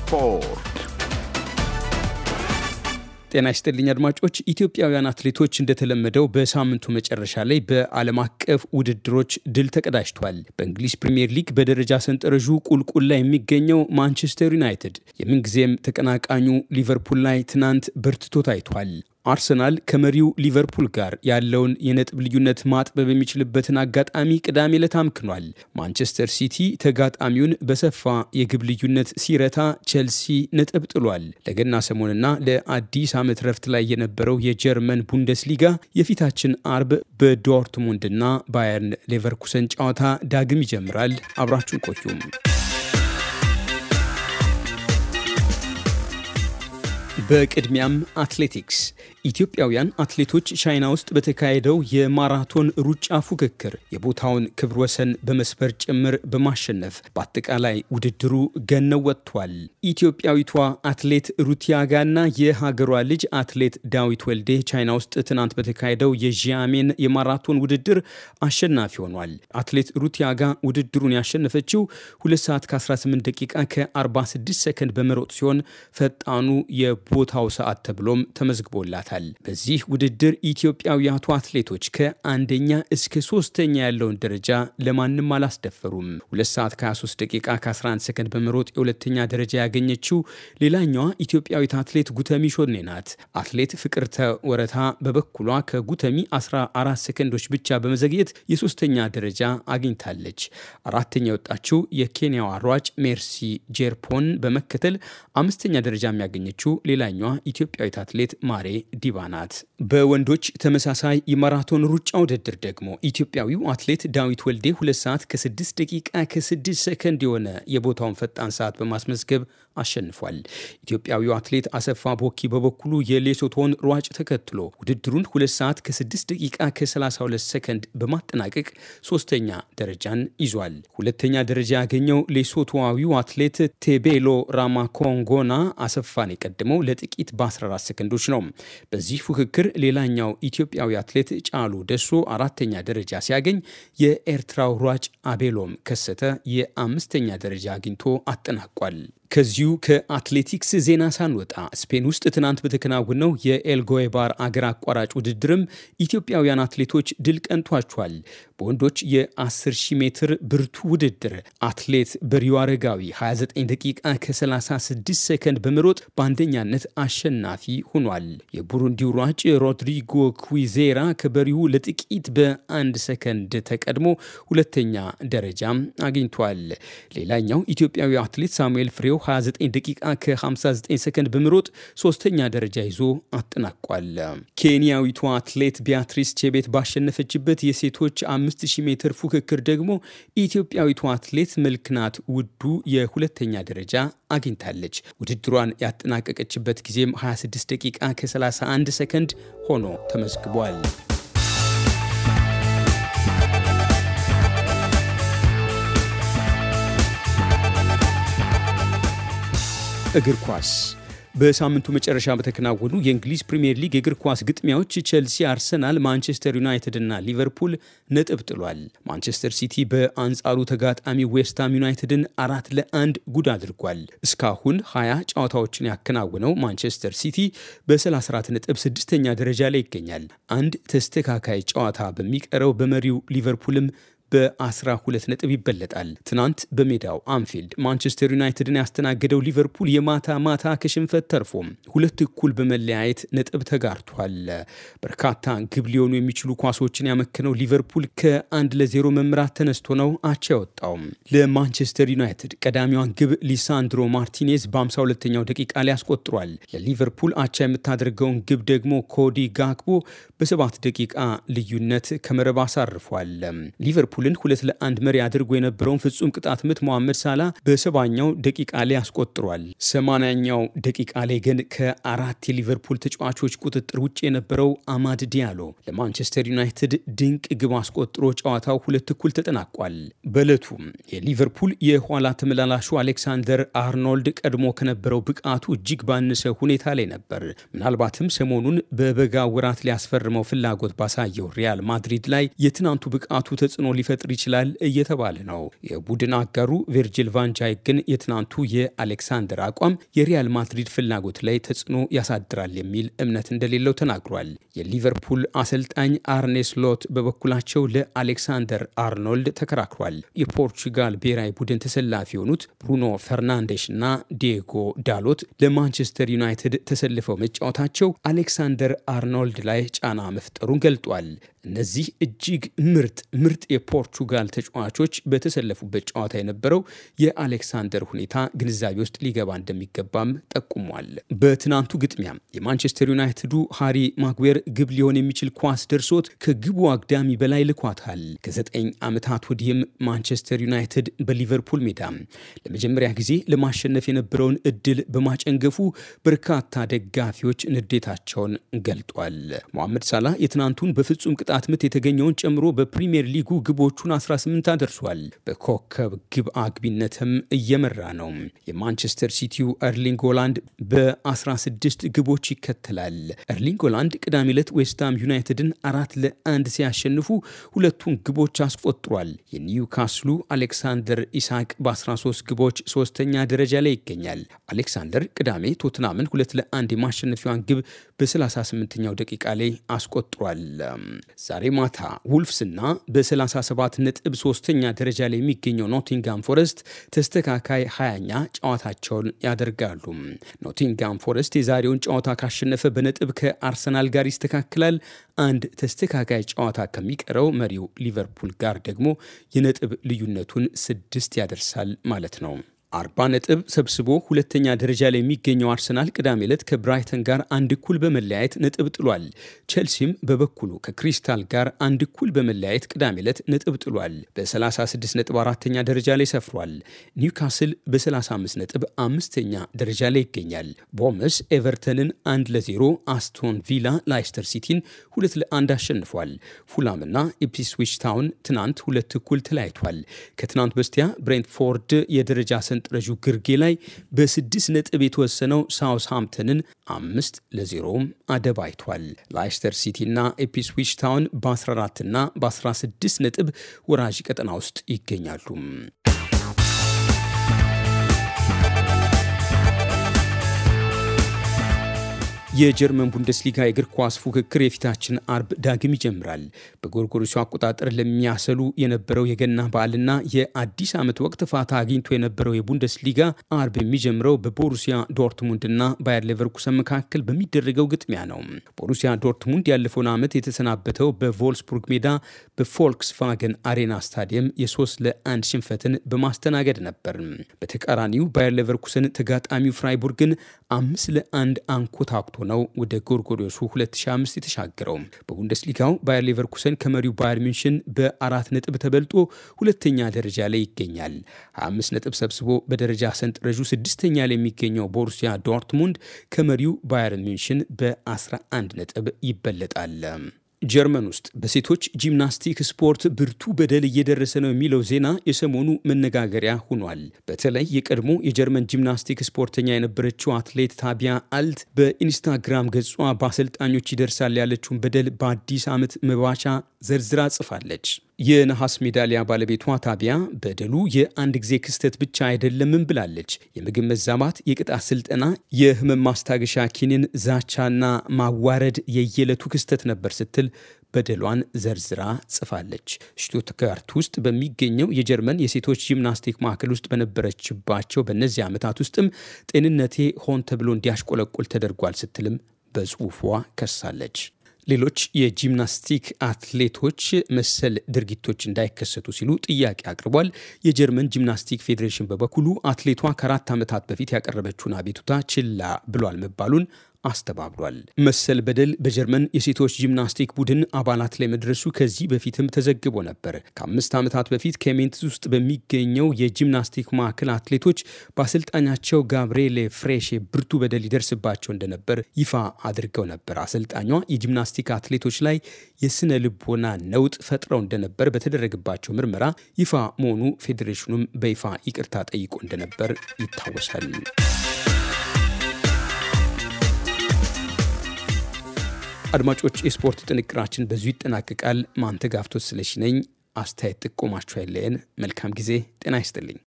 ስፖርት። ጤና ይስጥልኝ አድማጮች። ኢትዮጵያውያን አትሌቶች እንደተለመደው በሳምንቱ መጨረሻ ላይ በዓለም አቀፍ ውድድሮች ድል ተቀዳጅቷል። በእንግሊዝ ፕሪምየር ሊግ በደረጃ ሰንጠረዡ ቁልቁል ላይ የሚገኘው ማንቸስተር ዩናይትድ የምንጊዜም ተቀናቃኙ ሊቨርፑል ላይ ትናንት በርትቶ ታይቷል። አርሰናል ከመሪው ሊቨርፑል ጋር ያለውን የነጥብ ልዩነት ማጥበብ የሚችልበትን አጋጣሚ ቅዳሜ ዕለት አምክኗል። ማንቸስተር ሲቲ ተጋጣሚውን በሰፋ የግብ ልዩነት ሲረታ፣ ቼልሲ ነጥብ ጥሏል። ለገና ሰሞንና ለአዲስ ዓመት ረፍት ላይ የነበረው የጀርመን ቡንደስሊጋ የፊታችን አርብ በዶርትሙንድና ባየርን ሌቨርኩሰን ጨዋታ ዳግም ይጀምራል። አብራችሁን ቆዩም። በቅድሚያም አትሌቲክስ ኢትዮጵያውያን አትሌቶች ቻይና ውስጥ በተካሄደው የማራቶን ሩጫ ፉክክር የቦታውን ክብር ወሰን በመስበር ጭምር በማሸነፍ በአጠቃላይ ውድድሩ ገነው ወጥቷል። ኢትዮጵያዊቷ አትሌት ሩቲያጋና የሀገሯ ልጅ አትሌት ዳዊት ወልዴ ቻይና ውስጥ ትናንት በተካሄደው የዣሜን የማራቶን ውድድር አሸናፊ ሆኗል። አትሌት ሩቲያጋ ውድድሩን ያሸነፈችው 2 ሰዓት ከ18 ደቂቃ ከ46 ሰከንድ በመሮጥ ሲሆን ፈጣኑ የቦታው ሰዓት ተብሎም ተመዝግቦላል። ይገኙበታል። በዚህ ውድድር ኢትዮጵያውያቱ አትሌቶች ከአንደኛ እስከ ሶስተኛ ያለውን ደረጃ ለማንም አላስደፈሩም። ሁለት ሰዓት ከ23 ደቂቃ ከ11 ሰከንድ በመሮጥ የሁለተኛ ደረጃ ያገኘችው ሌላኛዋ ኢትዮጵያዊት አትሌት ጉተሚ ሾኔ ናት። አትሌት ፍቅርተ ወረታ በበኩሏ ከጉተሚ 14 ሰከንዶች ብቻ በመዘግየት የሶስተኛ ደረጃ አግኝታለች። አራተኛ የወጣችው የኬንያዋ ሯጭ ሜርሲ ጄርፖን በመከተል አምስተኛ ደረጃ የሚያገኘችው ሌላኛዋ ኢትዮጵያዊት አትሌት ማሬ ዲባ ናት። በወንዶች ተመሳሳይ የማራቶን ሩጫ ውድድር ደግሞ ኢትዮጵያዊው አትሌት ዳዊት ወልዴ 2 ሰዓት ከ6 ደቂቃ ከ6 ሰከንድ የሆነ የቦታውን ፈጣን ሰዓት በማስመዝገብ አሸንፏል። ኢትዮጵያዊው አትሌት አሰፋ ቦኪ በበኩሉ የሌሶቶን ሯጭ ተከትሎ ውድድሩን 2 ሰዓት ከ6 ደቂቃ ከ32 ሰከንድ በማጠናቀቅ ሶስተኛ ደረጃን ይዟል። ሁለተኛ ደረጃ ያገኘው ሌሶቶዋዊው አትሌት ቴቤሎ ራማኮንጎና አሰፋን የቀድመው ለጥቂት በ14 ሰከንዶች ነው። በዚህ ፉክክር ሌላኛው ኢትዮጵያዊ አትሌት ጫሉ ደሶ አራተኛ ደረጃ ሲያገኝ የኤርትራው ሯጭ አቤሎም ከሰተ የአምስተኛ ደረጃ አግኝቶ አጠናቋል። ከዚሁ ከአትሌቲክስ ዜና ሳንወጣ ስፔን ውስጥ ትናንት በተከናወነው የኤልጎይባር አገር አቋራጭ ውድድርም ኢትዮጵያውያን አትሌቶች ድል ቀንቷቸዋል። በወንዶች የ10 ሺህ ሜትር ብርቱ ውድድር አትሌት በሪዮ አረጋዊ 29 ደቂቃ ከ36 ሰከንድ በመሮጥ በአንደኛነት አሸናፊ ሆኗል። የቡሩንዲው ሯጭ ሮድሪጎ ኩዜራ ከበሪሁ ለጥቂት በአንድ ሰከንድ ተቀድሞ ሁለተኛ ደረጃ አግኝቷል። ሌላኛው ኢትዮጵያዊ አትሌት ሳሙኤል ፍሬው 29 ደቂቃ ከ59 ሰከንድ በመሮጥ ሶስተኛ ደረጃ ይዞ አጠናቋል። ኬንያዊቷ አትሌት ቢያትሪስ ቼቤት ባሸነፈችበት የሴቶች 5000 ሜትር ፉክክር ደግሞ ኢትዮጵያዊቱ አትሌት መልክናት ውዱ የሁለተኛ ደረጃ አግኝታለች። ውድድሯን ያጠናቀቀችበት ጊዜም 26 ደቂቃ ከ31 ሰከንድ ሆኖ ተመዝግቧል። እግር ኳስ በሳምንቱ መጨረሻ በተከናወኑ የእንግሊዝ ፕሪምየር ሊግ የእግር ኳስ ግጥሚያዎች ቼልሲ፣ አርሰናል፣ ማንቸስተር ዩናይትድ እና ሊቨርፑል ነጥብ ጥሏል። ማንቸስተር ሲቲ በአንጻሩ ተጋጣሚ ዌስትሃም ዩናይትድን አራት ለአንድ ጉድ አድርጓል። እስካሁን ሀያ ጨዋታዎችን ያከናውነው ማንቸስተር ሲቲ በ34 ነጥብ ስድስተኛ ደረጃ ላይ ይገኛል። አንድ ተስተካካይ ጨዋታ በሚቀረው በመሪው ሊቨርፑልም በ12 ነጥብ ይበለጣል። ትናንት በሜዳው አንፊልድ ማንቸስተር ዩናይትድን ያስተናገደው ሊቨርፑል የማታ ማታ ከሽንፈት ተርፎም ሁለት እኩል በመለያየት ነጥብ ተጋርቷል። በርካታ ግብ ሊሆኑ የሚችሉ ኳሶችን ያመከነው ሊቨርፑል ከአንድ ለዜሮ መምራት ተነስቶ ነው አቻ ያወጣውም። ለማንቸስተር ዩናይትድ ቀዳሚዋን ግብ ሊሳንድሮ ማርቲኔዝ በ52ኛው ደቂቃ ላይ አስቆጥሯል። ለሊቨርፑል አቻ የምታደርገውን ግብ ደግሞ ኮዲ ጋክቦ በሰባት ደቂቃ ልዩነት ከመረብ አሳርፏል። ሊቨርፑል ሊቨርፑልን ሁለት ለአንድ መሪ አድርጎ የነበረውን ፍጹም ቅጣት ምት መሐመድ ሳላ በሰባኛው ደቂቃ ላይ አስቆጥሯል። ሰማንያኛው ደቂቃ ላይ ግን ከአራት የሊቨርፑል ተጫዋቾች ቁጥጥር ውጭ የነበረው አማድ ዲያሎ ለማንቸስተር ዩናይትድ ድንቅ ግብ አስቆጥሮ ጨዋታው ሁለት እኩል ተጠናቋል። በዕለቱ የሊቨርፑል የኋላ ተመላላሹ አሌክሳንደር አርኖልድ ቀድሞ ከነበረው ብቃቱ እጅግ ባነሰ ሁኔታ ላይ ነበር። ምናልባትም ሰሞኑን በበጋ ወራት ሊያስፈርመው ፍላጎት ባሳየው ሪያል ማድሪድ ላይ የትናንቱ ብቃቱ ተጽዕኖ ሊፈጥር ይችላል እየተባለ ነው። የቡድን አጋሩ ቪርጂል ቫንጃይ ግን የትናንቱ የአሌክሳንደር አቋም የሪያል ማድሪድ ፍላጎት ላይ ተጽዕኖ ያሳድራል የሚል እምነት እንደሌለው ተናግሯል። የሊቨርፑል አሰልጣኝ አርኔ ስሎት በበኩላቸው ለአሌክሳንደር አርኖልድ ተከራክሯል። የፖርቹጋል ብሔራዊ ቡድን ተሰላፊ የሆኑት ብሩኖ ፈርናንዴሽ እና ዲየጎ ዳሎት ለማንቸስተር ዩናይትድ ተሰልፈው መጫወታቸው አሌክሳንደር አርኖልድ ላይ ጫና መፍጠሩን ገልጧል። እነዚህ እጅግ ምርጥ ምርጥ የፖርቹጋል ተጫዋቾች በተሰለፉበት ጨዋታ የነበረው የአሌክሳንደር ሁኔታ ግንዛቤ ውስጥ ሊገባ እንደሚገባም ጠቁሟል። በትናንቱ ግጥሚያ የማንቸስተር ዩናይትዱ ሃሪ ማግዌር ግብ ሊሆን የሚችል ኳስ ደርሶት ከግቡ አግዳሚ በላይ ልኳታል። ከዘጠኝ ዓመታት ወዲህም ማንቸስተር ዩናይትድ በሊቨርፑል ሜዳ ለመጀመሪያ ጊዜ ለማሸነፍ የነበረውን እድል በማጨንገፉ በርካታ ደጋፊዎች ንዴታቸውን ገልጧል። ሞሐመድ ሳላህ የትናንቱን በፍጹም በቅጣት ምት የተገኘውን ጨምሮ በፕሪምየር ሊጉ ግቦቹን 18 አደርሷል። በኮከብ ግብ አግቢነትም እየመራ ነው። የማንቸስተር ሲቲው ኤርሊንግ ሆላንድ በ16 ግቦች ይከተላል። ኤርሊንግ ሆላንድ ቅዳሜ ዕለት ዌስትሃም ዩናይትድን አራት ለአንድ ሲያሸንፉ ሁለቱን ግቦች አስቆጥሯል። የኒውካስሉ አሌክሳንደር ኢሳቅ በ13 ግቦች ሶስተኛ ደረጃ ላይ ይገኛል። አሌክሳንደር ቅዳሜ ቶትናምን ሁለት ለአንድ የማሸነፊዋን ግብ በ38ኛው ደቂቃ ላይ አስቆጥሯል። ዛሬ ማታ ውልፍስና በ37 ነጥብ ሶስተኛ ደረጃ ላይ የሚገኘው ኖቲንጋም ፎረስት ተስተካካይ ሃ0ኛ ጨዋታቸውን ያደርጋሉ። ኖቲንጋም ፎረስት የዛሬውን ጨዋታ ካሸነፈ በነጥብ ከአርሰናል ጋር ይስተካከላል። አንድ ተስተካካይ ጨዋታ ከሚቀረው መሪው ሊቨርፑል ጋር ደግሞ የነጥብ ልዩነቱን ስድስት ያደርሳል ማለት ነው። አርባ ነጥብ ሰብስቦ ሁለተኛ ደረጃ ላይ የሚገኘው አርሰናል ቅዳሜ ዕለት ከብራይተን ጋር አንድ እኩል በመለያየት ነጥብ ጥሏል። ቼልሲም በበኩሉ ከክሪስታል ጋር አንድ እኩል በመለያየት ቅዳሜ ዕለት ነጥብ ጥሏል። በ36 ነጥብ አራተኛ ደረጃ ላይ ሰፍሯል። ኒውካስል በ35 ነጥብ አምስተኛ ደረጃ ላይ ይገኛል። ቦመስ ኤቨርተንን ለ 0 አስቶን ቪላ ላይስተር ሲቲን ሁለት ለአንድ አሸንፏል። ፉላምና ኢፕስዊች ታውን ትናንት ሁለት እኩል ተለያይቷል። ከትናንት በስቲያ ብሬንትፎርድ የደረጃ በሰንጠረዡ ግርጌ ላይ በስድስት ነጥብ የተወሰነው ሳውስሃምፕተንን አምስት ለዜሮም አደባይቷል። ላይስተር ሲቲና ኤፒስዊች ታውን በ14ና በ16 ነጥብ ወራጅ ቀጠና ውስጥ ይገኛሉ። የጀርመን ቡንደስሊጋ የእግር ኳስ ፉክክር የፊታችን አርብ ዳግም ይጀምራል። በጎርጎሮሱ አቆጣጠር ለሚያሰሉ የነበረው የገና በዓልና የአዲስ ዓመት ወቅት ፋታ አግኝቶ የነበረው የቡንደስሊጋ አርብ የሚጀምረው በቦሩሲያ ዶርትሙንድና ባየር ሌቨርኩሰን መካከል በሚደረገው ግጥሚያ ነው። ቦሩሲያ ዶርትሙንድ ያለፈውን ዓመት የተሰናበተው በቮልስቡርግ ሜዳ በፎልክስቫገን አሬና ስታዲየም የሶስት ለአንድ ሽንፈትን በማስተናገድ ነበር። በተቃራኒው ባየር ሌቨርኩሰን ተጋጣሚው ፍራይቡርግን አምስት ለአንድ አንኮታኩቶ ነው ወደ ጎርጎዶሱ 2005 የተሻገረው። በቡንደስሊጋው ባየር ሌቨርኩሰን ከመሪው ባየር ሚንሽን በአራት ነጥብ ተበልጦ ሁለተኛ ደረጃ ላይ ይገኛል። 25 ነጥብ ሰብስቦ በደረጃ ሰንጠረዡ ስድስተኛ ላይ የሚገኘው ቦሩሲያ ዶርትሙንድ ከመሪው ባየር ሚንሽን በ11 ነጥብ ይበለጣል። ጀርመን ውስጥ በሴቶች ጂምናስቲክ ስፖርት ብርቱ በደል እየደረሰ ነው የሚለው ዜና የሰሞኑ መነጋገሪያ ሆኗል። በተለይ የቀድሞ የጀርመን ጂምናስቲክ ስፖርተኛ የነበረችው አትሌት ታቢያ አልት በኢንስታግራም ገጿ በአሰልጣኞች ይደርሳል ያለችውን በደል በአዲስ ዓመት መባቻ ዘርዝራ ጽፋለች። የነሐስ ሜዳሊያ ባለቤቷ ታዲያ በደሉ የአንድ ጊዜ ክስተት ብቻ አይደለምም ብላለች። የምግብ መዛባት፣ የቅጣት ስልጠና፣ የህመም ማስታገሻ ኪኒን፣ ዛቻና ማዋረድ የየዕለቱ ክስተት ነበር ስትል በደሏን ዘርዝራ ጽፋለች። ሽቱትጋርት ውስጥ በሚገኘው የጀርመን የሴቶች ጂምናስቲክ ማዕከል ውስጥ በነበረችባቸው በእነዚህ ዓመታት ውስጥም ጤንነቴ ሆን ተብሎ እንዲያሽቆለቁል ተደርጓል ስትልም በጽሁፏ ከሳለች። ሌሎች የጂምናስቲክ አትሌቶች መሰል ድርጊቶች እንዳይከሰቱ ሲሉ ጥያቄ አቅርቧል። የጀርመን ጂምናስቲክ ፌዴሬሽን በበኩሉ አትሌቷ ከአራት ዓመታት በፊት ያቀረበችውን አቤቱታ ችላ ብሏል መባሉን አስተባብሏል። መሰል በደል በጀርመን የሴቶች ጂምናስቲክ ቡድን አባላት ላይ መድረሱ ከዚህ በፊትም ተዘግቦ ነበር። ከአምስት ዓመታት በፊት ከሜንትስ ውስጥ በሚገኘው የጂምናስቲክ ማዕከል አትሌቶች በአሰልጣኛቸው ጋብርኤሌ ፍሬሼ ብርቱ በደል ይደርስባቸው እንደነበር ይፋ አድርገው ነበር። አሰልጣኟ የጂምናስቲክ አትሌቶች ላይ የስነ ልቦና ነውጥ ፈጥረው እንደነበር በተደረገባቸው ምርመራ ይፋ መሆኑ ፌዴሬሽኑም በይፋ ይቅርታ ጠይቆ እንደነበር ይታወሳል። አድማጮች፣ የስፖርት ጥንቅራችን በዙ ይጠናቀቃል። ማንተጋፍቶት ስለሺ ስለሽነኝ አስተያየት ጥቆማችሁ ያለየን። መልካም ጊዜ። ጤና ይስጥልኝ።